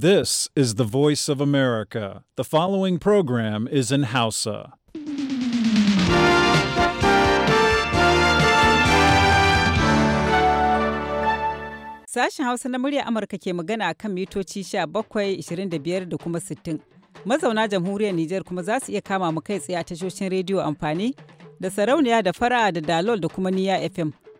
This is the voice of America. The following program is in Hausa. Sashen Hausa na murya Amurka ke magana kan mitoci 17, 25 da kuma 60. Mazauna jamhuriyar Nijar kuma za su iya kama mu kai tsaye a tashoshin rediyo amfani da sarauniya da fara da dalol da kuma niya FM.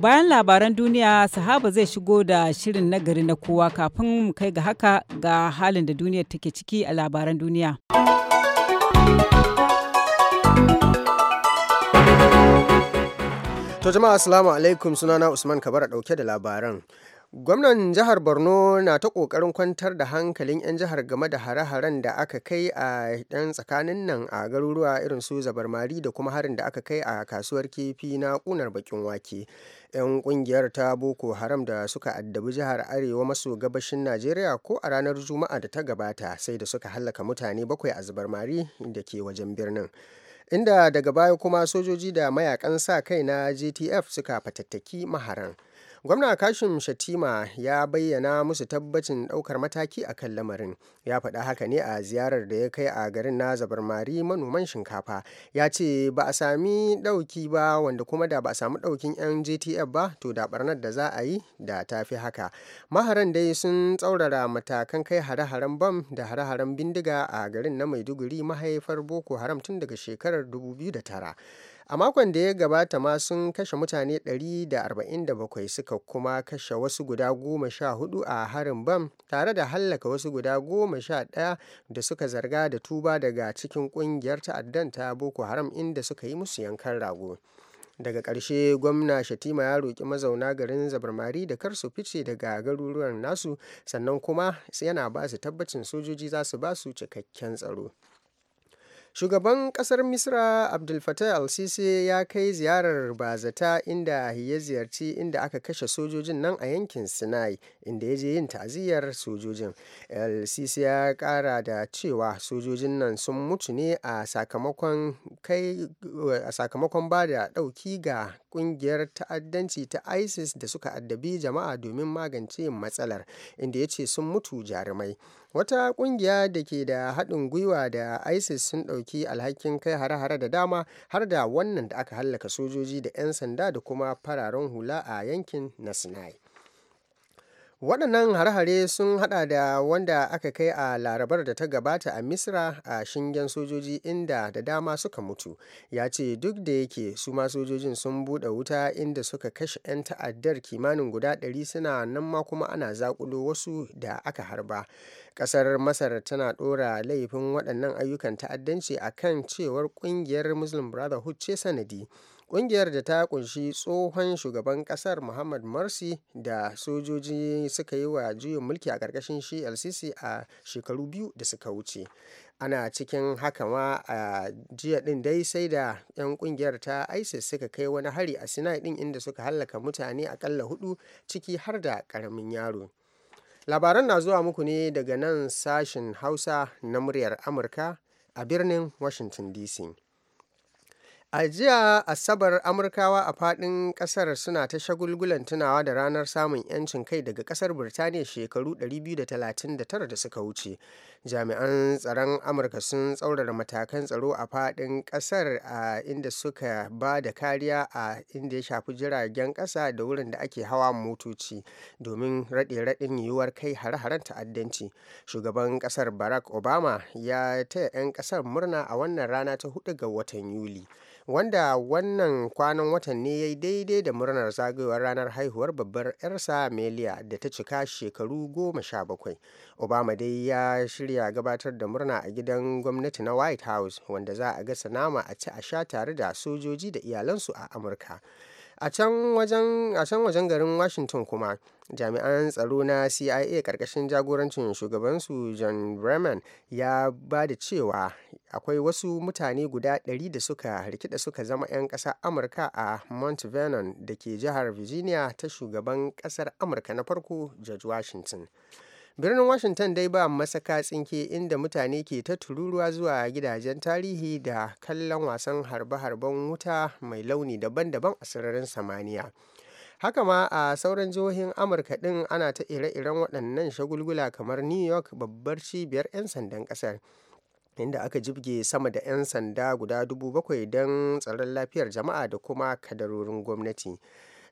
Bayan labaran duniya, sahaba zai shigo da shirin nagari na kowa kafin mu kai ga haka ga halin da duniya take ciki a labaran duniya. To jama'a assalamu alaikum sunana Usman Kabara dauke da labaran. Gwamnan jihar Borno na ta ƙoƙarin kwantar da hankalin 'yan jihar game da hare-haren da aka kai a ɗan tsakanin nan a garuruwa irin su Zabarmari da kuma harin da aka kai a kasuwar kifi na ƙunar bakin wake. 'Yan ƙungiyar ta Boko Haram da suka addabi jihar Arewa maso gabashin Najeriya ko a ranar Juma'a da ta gabata sai da suka hallaka mutane bakwai a Zabarmari da ke wajen birnin. Inda daga baya kuma sojoji da mayakan sa kai na GTF suka fatattaki maharan. gwamna kashim shatima ya bayyana musu tabbacin ɗaukar mataki a kan lamarin ya faɗa haka ne a ziyarar da ya kai a garin na zabarmari manoman shinkafa ya ce ba a sami ɗauki ba wanda kuma da ba a samu ɗaukin yan gtf ba to da ɓarnar da za a yi da ta fi haka maharan dai sun tsaurara matakan kai hare-haren bam da hare-haren bindiga a garin na maiduguri mahaifar boko haram tun daga shekarar 2009 a makon da ya gabata ma sun kashe mutane 147 suka kuma kashe wasu guda goma sha hudu a harin bam tare da hallaka wasu guda goma sha ɗaya da suka zarga da tuba daga cikin kungiyar ta'addan ta boko haram inda suka yi musu yankan rago daga ƙarshe gwamna shatima ya roki mazauna garin zabarmari da kar su fice daga garuruwan nasu sannan kuma yana ba su tabbacin sojoji za su ba su cikakken tsaro Shugaban ƙasar Misra abdul Fattah al-Sisi ya kai ziyarar bazata inda ya ziyarci inda aka kashe sojojin nan a yankin Sinai inda ya je yin ta'aziyyar sojojin. al-Sisi ya kara da cewa sojojin nan sun mutu ne a sakamakon kai a sakamakon ba da ɗauki ga ƙungiyar ta'addanci ta ISIS da suka addabi jama'a domin magance matsalar inda ya ce sun mutu jarumai. Wata ƙungiya da ke da haɗin gwiwa da ISIS sun ɗauki ɗauki alhakin kai hare-hare da dama har da wannan da aka hallaka sojoji da 'yan sanda da kuma fararen hula a yankin na Sinai. waɗannan hare-hare sun hada da wanda aka kai a larabar da ta gabata a misra a shingen sojoji inda da dama suka mutu ya ce duk da yake su ma sojojin sun buɗe wuta inda suka kashe 'yan ta'addar kimanin guda 100 suna nan ma kuma ana zakulo wasu da aka harba ƙasar masar tana ɗora laifin waɗannan ayyukan ta'addanci a kan cewar ƙungiyar muslim brotherhood ce sanadi Ƙungiyar da ta ƙunshi tsohon shugaban ƙasar Muhammad Morsi da sojoji suka yi wa juyin mulki a ƙarƙashin shi LCC a shekaru biyu da suka wuce. Ana cikin haka ma a jiya ɗin dai sai da 'yan ƙungiyar ta ISIS suka kai wani hari a Sinai ɗin inda suka hallaka mutane aƙalla hudu ciki har da ƙaramin yaro. Labaran na zuwa muku ne daga nan sashen Hausa na muryar Amurka a birnin Washington DC. A jiya Asabar Amurkawa a faɗin ƙasar suna ta shagulgulan tunawa da ranar samun 'yancin kai daga ƙasar Birtaniya shekaru 239 da suka wuce. Jami'an tsaron Amurka sun tsaurara matakan tsaro a faɗin ƙasar a inda suka ba da kariya a inda ya shafi jiragen ƙasa da wurin da ake hawa motoci domin raɗe-raɗin yiwuwar kai hare-haren ta'addanci. Shugaban ƙasar Barack Obama ya taya 'yan ƙasar murna a wannan rana ta hudu ga watan Yuli. wanda wannan kwanan watan ne ya yi daidai da murnar zagayowar ranar haihuwar babbar 'yarsa meliya da ta cika shekaru goma sha bakwai. Obama dai ya shirya gabatar da murna a gidan gwamnati na White House wanda za a ga sanama a ci a sha tare da sojoji da iyalansu a Amurka. a can wajen garin washington kuma jami'an tsaro na cia karkashin jagorancin shugabansu john bremen ya ba da cewa akwai wasu mutane guda 100 da suka rikida suka zama 'yan kasa amurka a mount vernon da ke jihar virginia ta shugaban kasar amurka na farko george washington birnin washington dai ba masaka tsinke inda mutane ke ta tururuwa zuwa gidajen tarihi da kallon wasan harbe-harben wuta mai launi daban-daban a sararin samaniya haka ma a sauran jihohin amurka din ana ta ire-iren waɗannan shagulgula kamar new york babbar cibiyar 'yan sandan ƙasar inda aka jibge sama da 'yan sanda guda dubu bakwai don tsaron lafiyar jama'a da kuma kadarorin gwamnati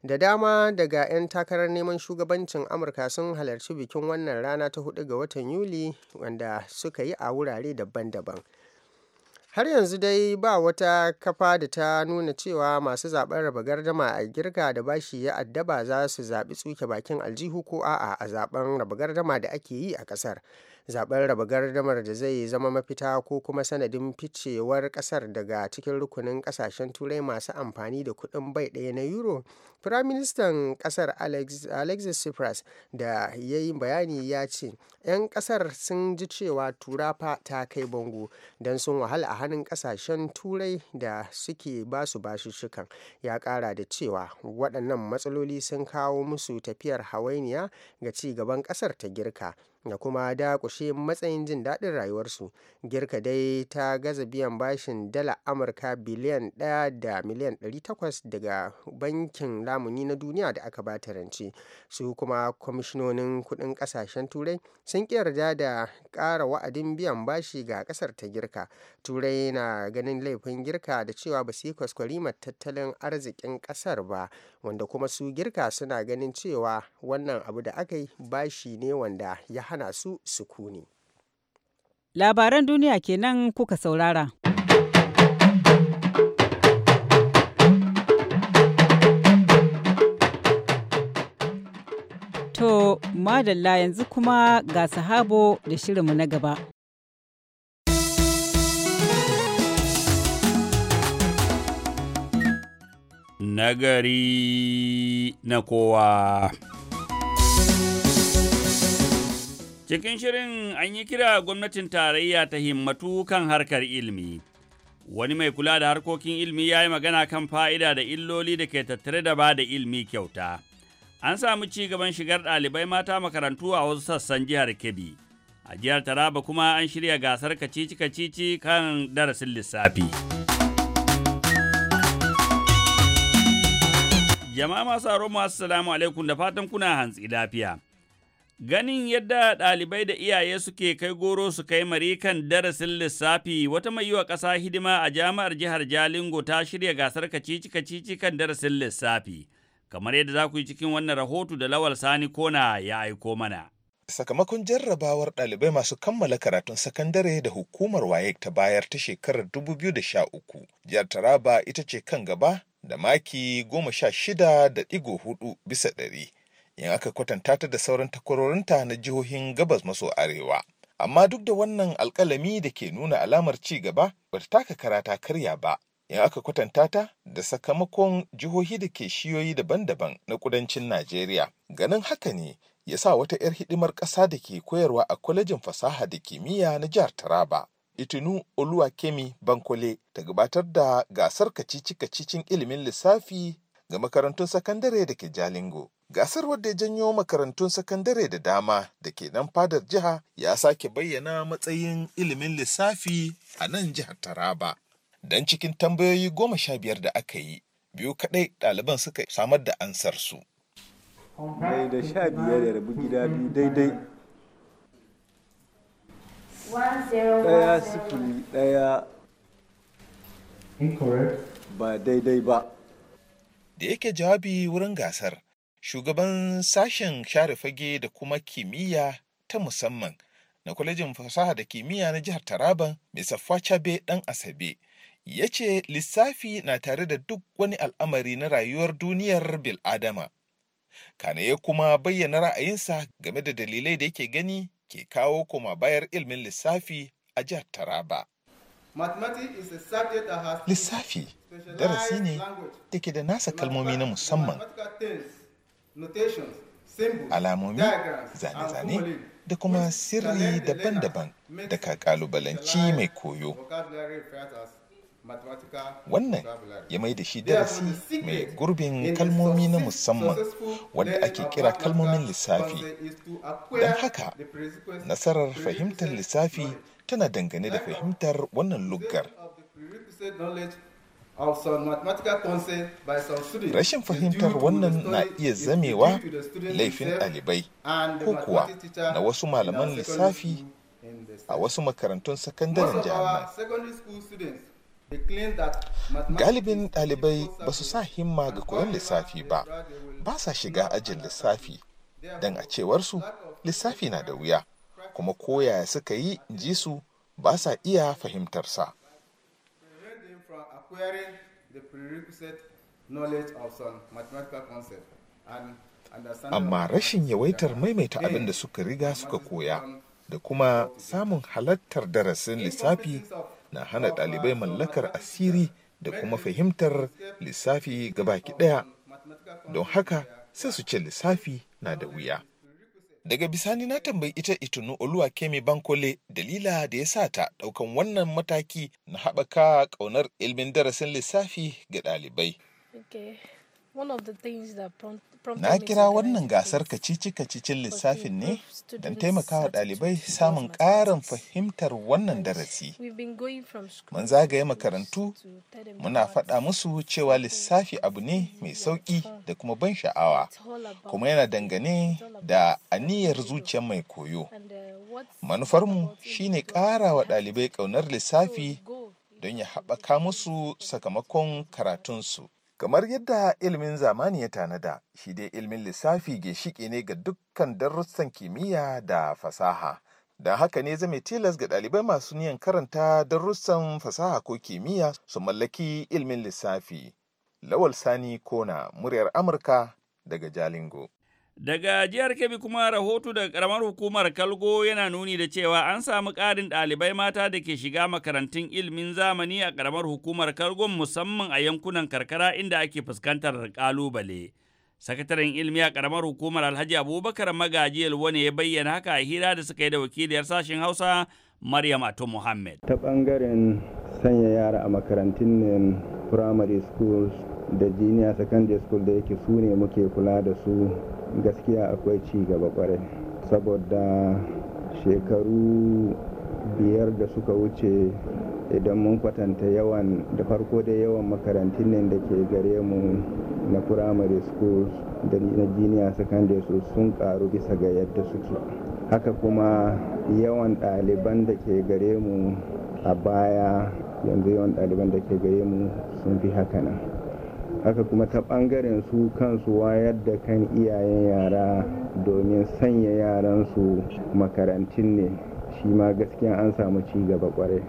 da dama daga 'yan takarar neman shugabancin amurka sun halarci bikin wannan rana ta hudu ga watan yuli wanda suka yi a wurare daban-daban har yanzu dai ba wata kafa da ta nuna cewa masu zaben raba gardama a girka da bashi ya addaba za su zaɓi tsuke bakin aljihu ko a'a a zaben raba gardama da ake yi a ƙasar. zaben raba gardamar da zai zama mafita ko kuma sanadin ficewar kasar daga cikin rukunin kasashen turai masu amfani da kuɗin bai ɗaya na euro firaministan kasar alexis tsipras da ya yi bayani ya ce 'yan kasar sun ji cewa turafa ta kai bango don sun wahala a hannun kasashen turai da suke basu bashushukan ya kara da cewa waɗannan matsaloli sun kawo musu tafiyar hawainiya ga ci gaban kasar ta girka da kuma dakushe matsayin jin daɗin rayuwarsu girka dai ta gaza biyan bashin dala amurka biliyan ɗaya da miliyan 800 daga bankin lamuni na duniya da aka bata rance su kuma kwamishinonin kudin kasashen turai sun yarda da ƙara wa'adin biyan bashi ga ƙasar ta girka turai na ganin laifin girka da cewa ba su yi kwaskwarimar tattalin arzikin ƙasar ba wanda kuma su girka suna ganin cewa wannan abu da aka yi bashi ne wanda ya hana su sukuni. Labaran duniya kenan kuka saurara. To, madalla yanzu kuma ga sahabo da shirinmu na gaba. Nagari na kowa. Cikin shirin an yi kira gwamnatin tarayya ta himmatu kan harkar ilmi. Wani mai kula da harkokin ilmi ya yi magana kan fa'ida da illoli da ke tattare da ba da ilimi kyauta. An samu ci gaban shigar ɗalibai mata makarantu a wasu sassan jihar Kebbi. A jihar Taraba kuma an shirya gasar kacici-kacici kan darasin lissafi. Jama'a masu aromu, Assalamu alaikum da fatan kuna hantsi lafiya. Ganin yadda ɗalibai da iyaye suke kai goro su kai marikan darasin lissafi wata mai yi wa ƙasa hidima a jami'ar jihar Jalingo ta shirya gasar kacici-kacici kan darasin lissafi. Kamar yadda za ku yi cikin wannan rahoto da Lawal Sani Kona ya aiko mana. sakamakon jarrabawar ɗalibai masu kammala karatun sakandare da hukumar wayek ta bayar ta shekarar 2013 jihar taraba ita ce kan gaba da maki 16.4 bisa ɗari in aka kwatanta ta da sauran takwarorinta na jihohin gabas maso arewa amma duk da wannan alkalami da ke nuna alamar ci gaba ba taka karata karya ba in aka kwatanta ta da sakamakon jihohi da ke shiyoyi daban-daban na kudancin najeriya ganin haka ne ya sa wata 'yar hidimar ƙasa da ke koyarwa a kwalejin fasaha da kimiyya na jihar taraba itinu oluwakemi bankole ta gabatar da gasar kacici-kacicin ilimin lissafi ga makarantun sakandare da ke Jalingo. Gasar wadda ya janyo makarantun sakandare da dama da ke nan fadar jiha ya sake bayyana matsayin ilimin lissafi a nan jihar Taraba. Dan cikin tambayoyi goma sha biyar da aka yi, biyu kaɗai ɗaliban suka samar da ansarsu. Mai da sha biyar da rabu gida daidai. Ɗaya sifili ɗaya ba daidai ba. da yake jawabi wurin gasar shugaban sashen share fage da kuma kimiyya ta musamman na kwalejin fasaha da kimiyya na jihar taraban mai fachabe ɗan dan asabe ya ce lissafi na tare da duk wani al'amari na rayuwar duniyar bil'adama kana ya kuma bayyana ra'ayinsa game da dalilai da yake gani ke kawo koma bayar ilmin lissafi a jihar taraba Lissafi darasi ne da ke da nasa kalmomi na musamman. Alamomi, zane-zane da kuma sirri daban-daban da ka kalubalanci mai koyo. Wannan ya mai da shi darasi mai gurbin kalmomi na musamman wanda ake kira kalmomin lissafi. Don haka, nasarar fahimtar lissafi tana dangane da fahimtar wannan luggar. Rashin fahimtar wannan na iya zamewa laifin ɗalibai ko kuwa na wasu malaman lissafi a wasu makarantun sakandaren jami'a. Galibin ɗalibai ba su sa himma ga koyon lissafi ba, ba sa shiga ajin lissafi, don a cewarsu lissafi na da wuya. kuma ya suka yi ji su ba sa iya fahimtarsa amma rashin yawaitar maimaita abin da suka riga suka koya da kuma samun halattar darasin lissafi na hana uh, ɗalibai mallakar asiri da kuma fahimtar lissafi gabaki ɗaya don haka sai su ce lissafi na da wuya daga bisani na tambayi ita itunu oluwa kemi bankole dalila da ya sa ta daukan wannan mataki na haɓaka ƙaunar ilmin darasin lissafi ga ɗalibai. Okay. Na kira wannan gasar kacici-kacicin lissafin ne don taimakawa ɗalibai samun ƙarin fahimtar wannan darasi. Mun zagaye makarantu, muna faɗa musu cewa lissafi abu ne mai sauƙi da kuma ban sha'awa, kuma yana dangane da aniyar zuciyar mai koyo. Uh, Manufarmu shine ƙara wa ɗalibai ƙaunar lissafi don ya haɓaka musu sakamakon karatunsu. Kamar yadda ilimin zamani ya tanada, shi dai ilimin lissafi ginshiƙi ne ga dukkan darussan kimiyya da fasaha. Da haka ne zame tilas ga ɗalibai masu niyan karanta darussan fasaha ko kimiyya su mallaki ilimin lissafi. Lawal Sani Kona, muryar Amurka daga Jalingo. Daga jihar Kebbi kuma rahoto daga karamar hukumar Kalgo yana nuni da cewa an samu ƙarin ɗalibai mata da ke shiga makarantun ilmin zamani a karamar hukumar Kalgo musamman a yankunan karkara inda ake fuskantar ƙalubale. Sakataren ilimi a karamar hukumar Alhaji Abubakar Magaji wani ya bayyana haka a hira da suka yi da wakiliyar sashen Hausa Maryam Ato Muhammad. Ta ɓangaren sanya yara a makarantun primary schools da junior secondary school da yake su ne muke kula da su gaskiya akwai ci gaba kwarai saboda shekaru biyar da suka wuce idan mun kwatanta yawan da farko da yawan makarantun nan da ke gare mu na primary schools da na junior secondary su sun karu bisa ga yadda suke haka kuma yawan ɗaliban da ke gare mu a baya yanzu yawan ɗaliban da ke gare mu sun fi haka nan haka kuma ta ɓangaren su kansu wayar da kan iyayen yara domin sanya yaransu makarantun ne shi ma gaskiya an samu ci gaba kwarai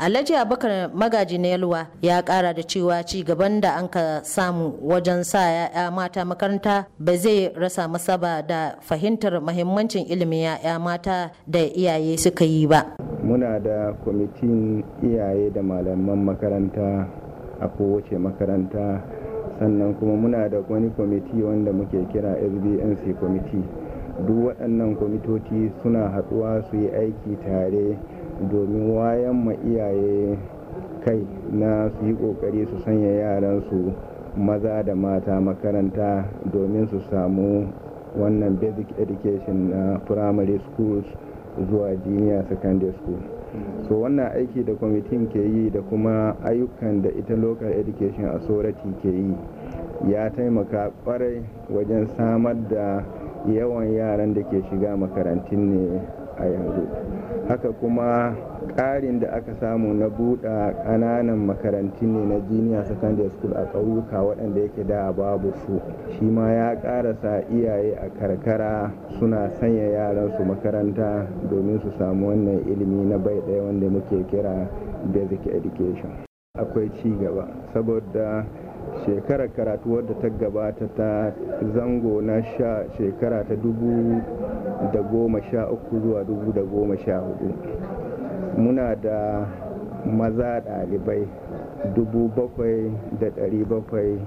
Alhaji Abubakar Magaji na Yalwa ya kara da cewa ci gaban da an ka samu wajen sa ya'ya mata makaranta ba zai rasa masa da fahimtar mahimmancin ilimin ya'ya mata da iyaye suka yi ba. Muna da kwamitin iyaye da malaman makaranta a kowace makaranta sannan kuma muna da wani kwamiti wanda muke kira sbnc kwamiti duk waɗannan kwamitoci suna haɗuwa su yi aiki tare domin wayan ma iyaye kai na su yi ƙoƙari su sanya yaransu maza da mata makaranta domin su samu wannan basic education na primary schools zuwa junior secondary school so wannan aiki da kwamitin ke yi da kuma ayyukan da ita local education authority ke yi ya taimaka kwarai wajen samar da yawan yaran da ke shiga makarantun ne a yanzu haka kuma ƙarin da aka samu na buɗa ƙananan makarantun ne na junior secondary school a ƙauyuka waɗanda yake da babu su shi ma ya ƙarasa iyaye a karkara suna sanya yaran su makaranta domin su samu wannan ilimi na bai ɗaya wanda muke kira basic education akwai ci gaba saboda shekarar karatu wadda ta gabata ta zango na sha shekara ta dubu da goma sha uku zuwa dubu da goma sha hudu muna da maza ɗalibai dubu bakwai da dari bakwai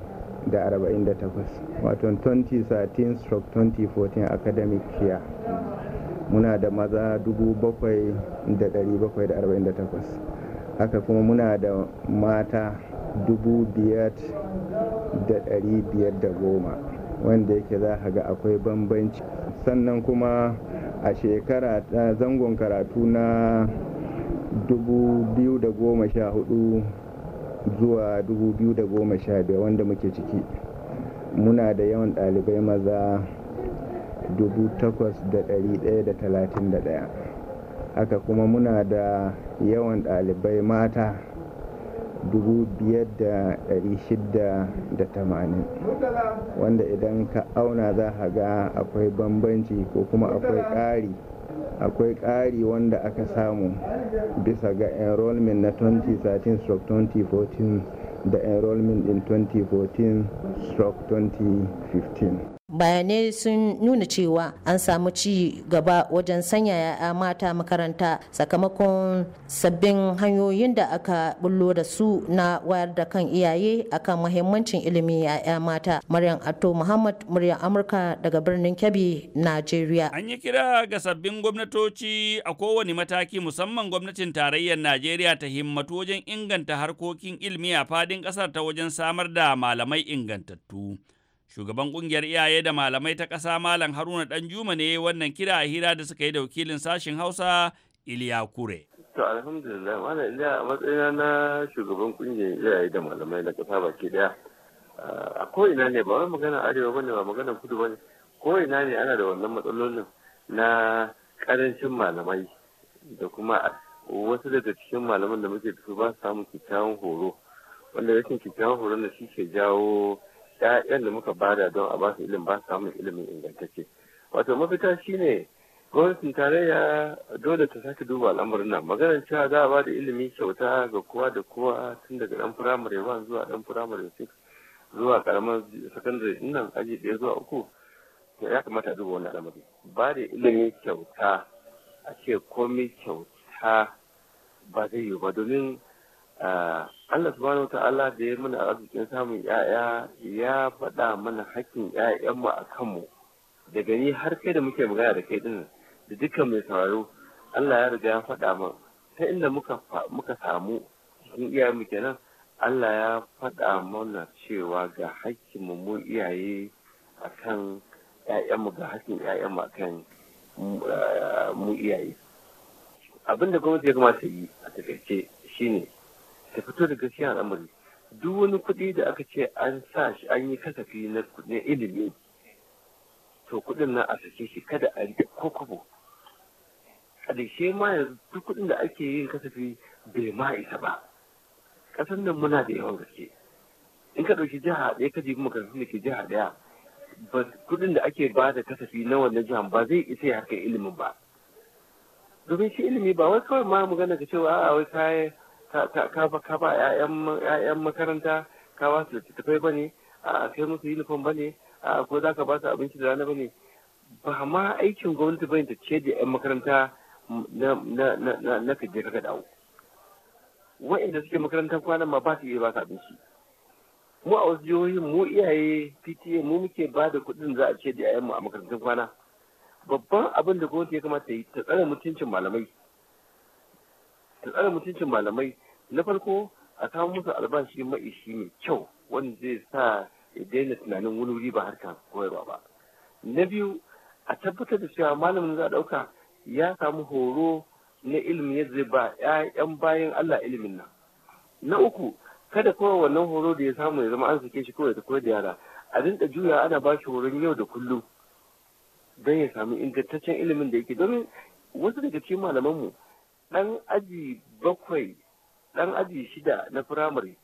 da arba'in da takwas wato 2013 stroke 2014 academic year muna da maza dubu bakwai da dari bakwai da arba'in da takwas haka kuma muna da mata 5,510 wanda yake za a ga akwai bambanci sannan kuma a shekara ta zangon karatu na 2014 zuwa 2015 wanda muke ciki muna da yawan ɗalibai maza 8,131 haka kuma muna da yawan ɗalibai mata 5,680 wanda idan ka auna za a ga akwai bambanci ko kuma akwai ƙari akwai ƙari wanda aka samu bisa ga enrollment na 2013-2014 da enrollment in 2014-2015 bayanai sun nuna cewa an samu ci gaba wajen sanya ya'ya mata makaranta sakamakon sabbin hanyoyin da aka bullo da su na wayar da kan iyaye akan mahimmancin ilimi ya'ya mata maryam ato muhammad muryar amurka daga birnin kebbi najeriya an yi kira ga sabbin gwamnatoci a kowane mataki musamman gwamnatin tarayyar najeriya ta himmatu wajen inganta harkokin ilimi a fadin kasar ta wajen samar da malamai ingantattu Shugaban kungiyar iyaye da malamai ta ƙasa Malam Haruna Danjuma ne wannan kira a hira da suka yi da wakilin sashen Hausa Iliya Kure. To alhamdulillah wannan iliya a matsayina na shugaban kungiyar iyaye da malamai na ƙasa baki daya A ko'ina ne ba wai magana arewa ba ne ba magana kudu ba ne. Ko'ina ne ana da wannan matsalolin na ƙarancin malamai da kuma wasu daga cikin malaman da muke da su ba su samun kyakkyawan horo. Wanda rashin kyakkyawan horon da shi ke jawo 'ya'yan da muka bada don a basu ilimin ba samun ilimin ingantacce wato mafita shine gwamnatin tarayya dole ta sake duba al'amarin nan maganar cewa za a ba da ilimi kyauta ga kowa da kowa tun daga dan firamare 1 zuwa dan firamare 6 zuwa karamar sakandare nan aji ɗaya zuwa uku ya kamata a duba wani al'amari ba da ilimi kyauta a ce komai kyauta ba zai yiwu ba domin Ah, Allah subhanahu ta'ala da ya mana arzikin samun ‘ya'ya ya faɗa mana hakkin ‘ya'yanmu a kanmu daga ni har kai da muke magana da kai din da dukkan mai sauraro Allah ya riga ya faɗa mana ta inda muka samu cikin iyayenmu kenan Allah ya faɗa mana cewa ga hakkin mu iyaye akan ‘ya'yanmu ga hakkin ‘ya'yanmu akan ah, mu iyaye abinda gwamnati ya kamata yi a takaice shine ta fito da gaskiya al'amari duk wani kuɗi da aka ce an sa shi an yi kasafi na ilimi to kuɗin nan a sake shi kada a riƙe ko a dashe ma yanzu duk kuɗin da ake yin kasafi bai ma isa ba ƙasar nan muna da yawan gaske in ka ɗauki jiha ɗaya ka jibi makarantun da ke jiha ɗaya kuɗin da ake ba da kasafi na wannan jihar ba zai isa ya haƙa ilimin ba domin shi ilimi ba wai kawai ma magana ka cewa a wai kayan ka ba 'ya'yan makaranta ka ba su littattafai ba ne a kai musu uniform ba ne a ko za ka ba su abinci da rana ba ne ba ma aikin gwamnati ba ta ce da 'yan makaranta na kaje ka dawo wa'inda suke makarantar kwanan ma ba su iya ba su abinci mu a wasu jihohi mu iyaye pta mu muke ba da kuɗin za a ce da mu a makarantar kwana babban abin da gwamnati ya kamata yi ta tsare mutuncin malamai tsare mutuncin malamai na farko a samu musu albashi maishi mai kyau wanda zai sa ya daina tunanin wani wuri ba harka koyarwa ba na biyu a tabbatar da cewa malamin za a ɗauka ya samu horo na ilimin yadda zai ba 'ya'yan bayan Allah ilimin nan na uku kada kawai wannan horo da ya samu ya zama an sake shi kawai ta koyar da yara a dinka juya ana ba shi horon yau da kullum don ya samu ingantaccen ilimin da yake domin wasu daga cikin malamanmu ɗan aji bakwai ɗan aji shida na firamare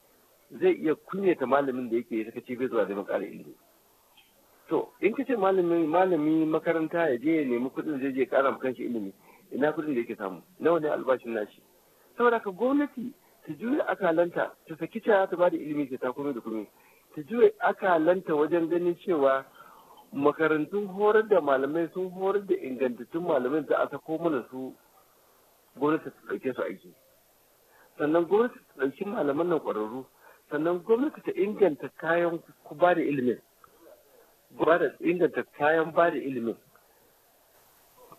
zai iya kunyata malamin da yake saka kace bai zuwa zai makara ilimi to in ka ce malami malami makaranta ya je ya nemi kuɗin zai je ƙara ma kanshi ilimi ina kuɗin da yake samu nawa ne albashin nashi saboda ka gwamnati ta juya akalanta ta saki ta ta bada ilimi ta ta komai da komai ta juya akalanta wajen ganin cewa makarantun horar da malamai sun horar da ingantattun malamai da a sako mana su gwamnati ta ɗauke su aiki sannan gwamnati ta ɗauki malaman nan ƙwararru sannan gwamnati ta inganta kayan ba da ilimin ba da inganta kayan ba da ilimin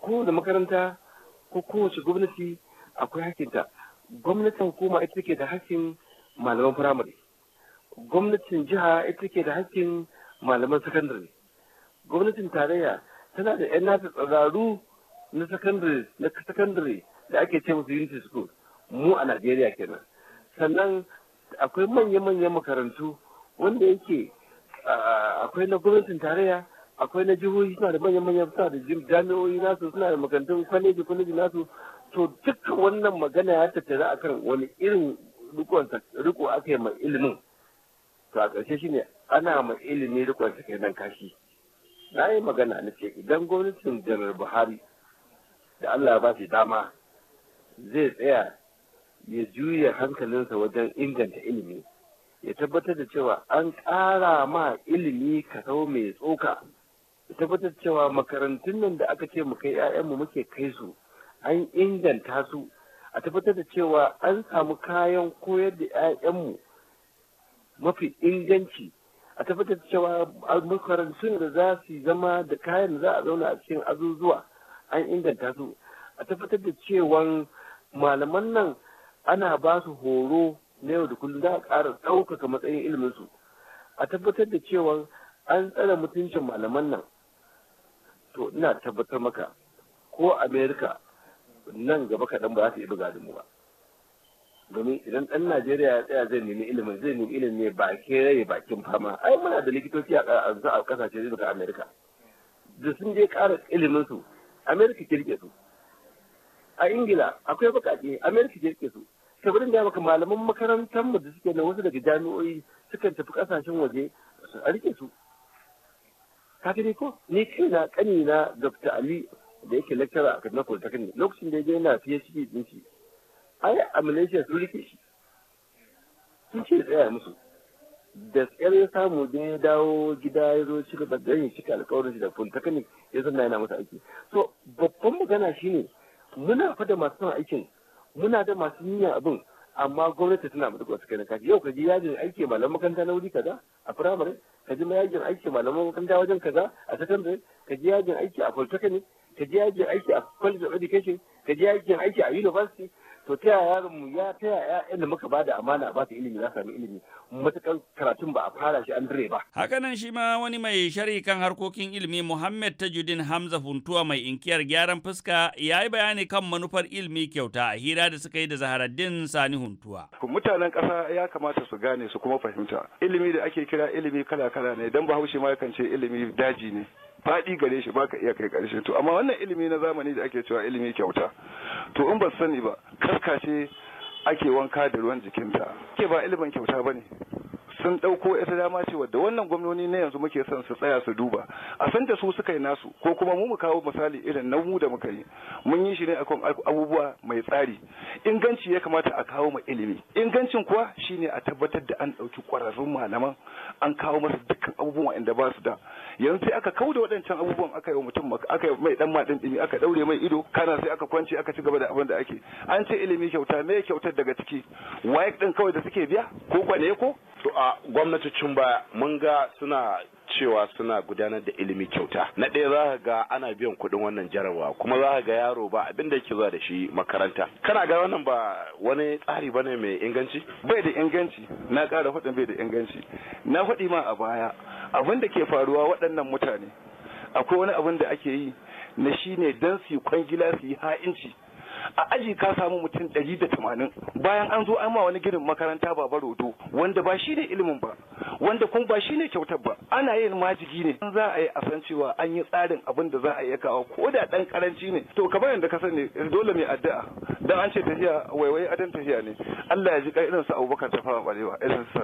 kowane makaranta ko kowace gwamnati akwai hakinta gwamnatin hukuma ita ke da hakkin malaman firamare gwamnatin jiha ita ke da hakkin malaman sakandare gwamnatin tarayya tana da 'yan nata tsararru na sakandare da ake ce musu unity school mu a najeriya kenan sannan akwai manya-manyan makarantu wanda yake akwai na gwamnatin tarayya akwai na jihohi suna da manya-manyan suna da jami'o'i nasu suna da makarantun kwaleji kwaleji nasu to dukkan wannan magana ya tattara akan wani irin riko aka yi ma ilimin to a ƙarshe shine ana ma ilimi rikon sa nan kashi na yi magana na ce idan gwamnatin janar buhari da allah ba shi dama zai tsaya ya juya hankalinsa wajen inganta ilimi ya tabbatar da cewa an ƙara ma ilimi kasau mai tsoka ya tabbatar da cewa makarantun nan da aka ce mu kai 'ya'yanmu muke kai su an inganta su a tabbatar da cewa an samu kayan koyar da 'ya'yanmu mafi inganci a tabbatar da cewa makarantun da za su zama da kayan za a zauna a cikin azuzuwa an inganta su a tabbatar da cewa malaman nan ana ba su horo na yau da kullum za a ƙara ɗaukaka matsayin iliminsu a tabbatar da cewa an tsara mutuncin malaman nan to ina tabbatar maka ko amerika nan gaba kaɗan ba za ta yi buga da mu ba domin idan ɗan najeriya ya tsaya zai nemi ilimin zai nemi ilimin ne ba ke rai bakin fama ai muna da likitoci a ƙasashe daga america da sun je ƙara iliminsu su amerika kirke su a ingila akwai bukaci america je ke su saboda da maka malaman makarantar mu da suke nan wasu daga jami'o'i sukan tafi kasashen waje a rike su ka dai ko ni kaina kanina dr ali da yake lecturer a kaduna kan lokacin da ya je yana phd din shi ai a malaysia sun rike shi sun ce tsaya musu da tsayar ya samu da ya dawo gida ya zo shi da yin shi alkawarin shi da polytechnic ya zanna yana masa aiki so babban magana shine muna fa da masu son aikin muna da masu niyyar abin amma gwamnati tana mutu wasu kai kaji yau kaji yajin aiki malam makaranta na wuri kaza a firamare kaji ma yajin aiki malam makaranta wajen kaza a sakandare kaji yajin aiki a polytechnic kaji yajin aiki a college of education kaji yajin aiki a university to ta yaya yaron mu ya ta yaya ƴaƴan da muka bada amana a basu ilimi za samu ilimi matukan karatun ba a fara shi an dire ba hakanan shi ma wani mai shari kan harkokin ilimi Muhammad Tajudin Hamza Funtuwa mai inkiyar gyaran fuska ya yi bayani kan manufar ilimi kyauta a hira da suka yi da Zaharaddin Sani Huntuwa mutanen ƙasa ya kamata su gane su kuma fahimta ilimi da ake kira ilimi kala kala ne dan Bahaushe ma yakan ce ilimi daji ne faɗi gare shi baka iya kai ƙarshe to amma wannan ilimi na zamani da ake cewa ilimi kyauta to in ba sani ba kaskashe ake wanka da ruwan jikinta ke ba ilimin kyauta ba ne. sun ɗauko ita dama ce da wannan gwamnoni na yanzu muke son su tsaya su duba a san da su suka yi nasu ko kuma mu mu kawo misali irin na mu da muka yi mun yi shi ne akan abubuwa mai tsari inganci ya kamata a kawo ma ilimi ingancin kuwa shine a tabbatar da an ɗauki ƙwararrun malaman an kawo masa dukkan abubuwan inda ba su da yanzu sai aka kauda waɗancan abubuwan aka yi wa mutum aka yi mai ɗan maɗin ɗimi aka ɗaure mai ido kana sai aka kwance aka ci gaba da abin da ake an ce ilimi kyauta me kyautar daga ciki waye ɗin kawai da suke biya ko kwane ko to a gwamnatocin baya mun ga suna cewa suna gudanar da ilimi kyauta na ɗaya za ka ga ana biyan kuɗin wannan jarawa kuma za ka ga yaro ba abin da yake zuwa da shi makaranta kana ga wannan ba wani tsari bane mai inganci bai da inganci na ƙara faɗin bai da inganci na faɗi ma a baya abin da ke faruwa waɗannan mutane akwai wani abin da ake yi na shine dan su kwangila su yi ha'inci a aji ka samu mutum ɗari da tamanin bayan an zo an ma wani girin makaranta baba rodo wanda ba shi ne ilimin ba wanda kuma ba shi ne kyautar ba ana yin majigi ne An za a yi a san cewa an yi tsarin abin da za a yi kawo ko da ɗan karanci ne to kamar yadda ka sani dole mai addu'a dan an ce tafiya waiwai adan tafiya ne Allah ya ji kai irin su Abubakar ta fara barewa irin su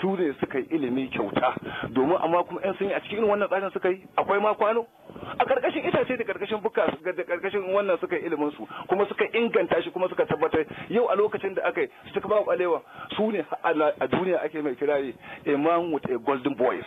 su ne suka yi ilimi kyauta domin amma kuma yan sun yi a cikin wannan tsarin suka yi akwai ma kwano a karkashin itace da karkashin buka da karkashin wannan suka yi ilimin su kuma suka inganta shi kuma suka tabbatar yau a lokacin da aka yi su ta kwalewa su ne a duniya ake mai kirayi imam with a golden voice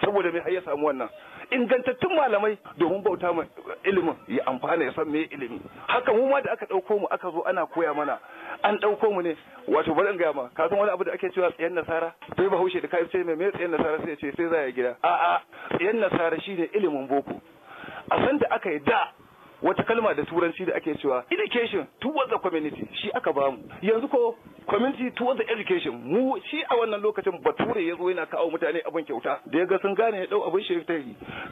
saboda me har ya samu wannan ingantattun malamai domin bauta mai ilimin ya amfana ya san me ilimi haka mu ma da aka ɗauko mu aka zo ana koya mana an ɗauko mu ne wato bari in gaya ma Kasan wani abu da ake cewa tsayen nasara sai bahaushe da kai ce mai me tsayen nasara sai ya ce sai za ya gida a'a tsayen nasara shine ilimin boko a san da aka yi da wata kalma da turanci da ake cewa education towards the community shi aka bamu yanzu ko community towards the education mu shi a wannan lokacin bature ya zo yana kawo mutane abin kyauta da ya ga sun gane ya dau abin shi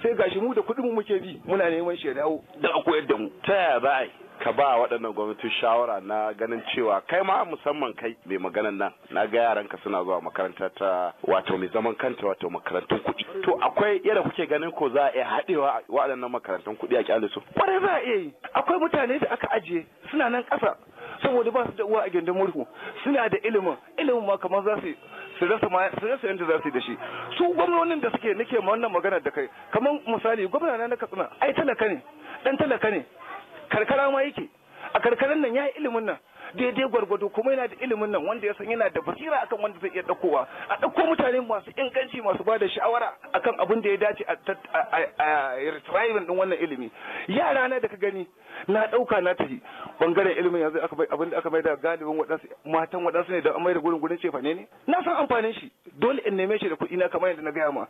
sai gashi mu da kuɗin mu muke bi muna neman shi ya dawo da a koyar da mu ta yaya ba ka ba waɗannan gwamnati shawara na ganin cewa kai ma musamman kai mai maganan nan na ga yaranka suna zuwa makaranta ta wato mai zaman kanta wato makarantun kuɗi to akwai yadda kuke ganin ko za a iya haɗewa waɗannan makarantun kuɗi a kyale su kwarai za a iya yi akwai mutane da aka ajiye suna nan ƙasa saboda ba su da uwa a gindin murhu suna da ilimin ilimin ma kamar za su su rasa ma su rasa yanda za su yi da shi su gwamnonin da suke nake ma wannan magana da kai kamar misali gwamna na katsina ai talaka ne dan talaka ne karkara ma yake a karkaran nan ya yi ilimin nan daidai gwargwado kuma yana da ilimin nan wanda ya san yana da basira akan wanda zai iya ɗaukowa a ɗauko mutane masu inganci masu bada da shawara akan abin da ya dace a retriving din wannan ilimi yara na da ka gani na ɗauka na tafi bangaren ilimin yanzu abin da aka mai da galibin waɗansu matan waɗansu ne da mai da gurin gurin cefane ne ne na san amfanin shi dole in neme shi da kuɗi na kamar yadda na gaya ma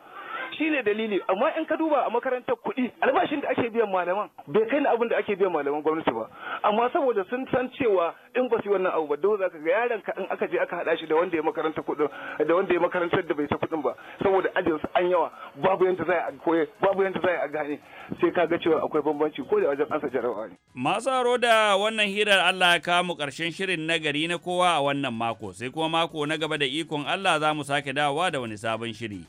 shi ne dalili amma in ka duba a makarantar kuɗi albashin da ake biyan malaman bai kai na abin da ake biyan malaman gwamnati ba amma saboda sun san cewa in ba su wannan abu ba dole zaka ga yaron ka in aka je aka haɗa shi da wanda ya makaranta kuɗin da wanda ya makarantar da bai ta kuɗin ba saboda ajin su an yawa babu yanda za a koye babu yanda za a gane sai ka ga cewa akwai bambanci ko da wajen ansa jarawa ne masu aro da wannan hirar Allah ya kawo mu karshen shirin na gari na kowa a wannan mako sai kuma mako na gaba da ikon Allah za mu sake dawowa da wani sabon shiri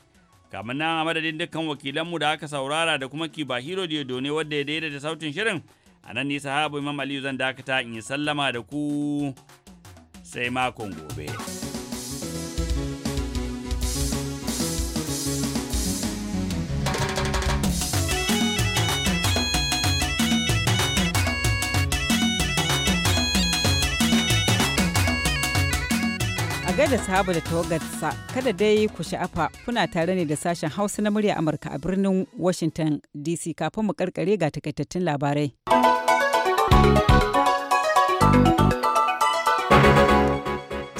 kamar nan a madadin dukkan wakilanmu da aka saurara da kuma kiba hero da ne wadda ya daidaita sautin shirin a nan nisa habu imam aliyu zan dakata in yi sallama da ku sai makon gobe. da sahaba da tawagarsa kada dai ku sha'afa kuna tare ne da sashen hausa na murya amurka a birnin washington dc kafin mu karkare ga takaitattun labarai.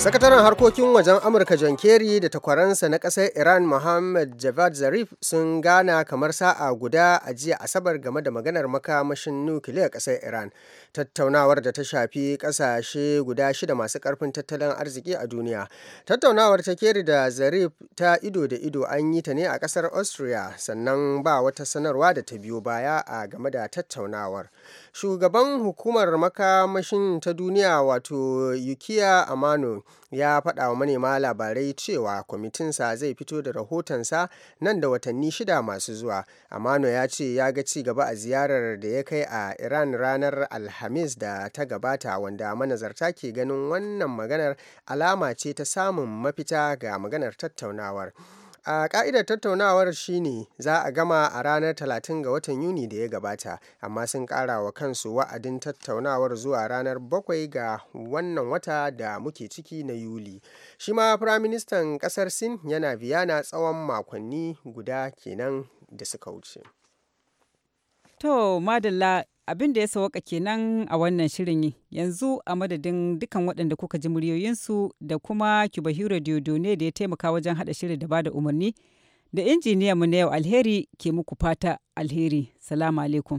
sakataren harkokin wajen amurka john kerry da takwaransa na ƙasar iran Mohammed javad zarif sun gana kamar sa'a guda a jiya asabar game da maganar makamashin nukiliya ƙasar iran tattaunawar da ta shafi ƙasashe guda shida masu ƙarfin tattalin arziki a duniya tattaunawar ta kerry da zarif ta ido da ido an yi ta ne a ƙasar austria sannan ba wata sanarwa da ta biyo baya a game da tattaunawar Shugaban hukumar makamashin ta duniya wato Yukiya Amano ya faɗa wa manema labarai cewa kwamitinsa zai fito da rahotonsa nan da watanni shida masu zuwa. Amano ya ce ya ga ci gaba a ziyarar da ya kai a Iran ranar Alhamis da ta gabata wanda manazarta ke ganin wannan maganar alama ce ta samun mafita ga maganar tattaunawar. a ka'idar tattaunawar shine za a gama a ranar 30 ga watan yuni da ya gabata amma sun kara wa kansu wa'adin tattaunawar zuwa ranar 7 ga wannan wata da muke ciki na yuli shi ma firaministan kasar sin yana biyana tsawon makonni guda kenan da suka wuce To, Madalla abin da ya sauka kenan a wannan shirin yanzu a madadin dukan waɗanda kuka ji muryoyinsu da kuma kibahiro diodo ne da ya taimaka wajen haɗa shirin da bada umarni da injiniyan mu na yau alheri ke muku fata alheri salamu alaikum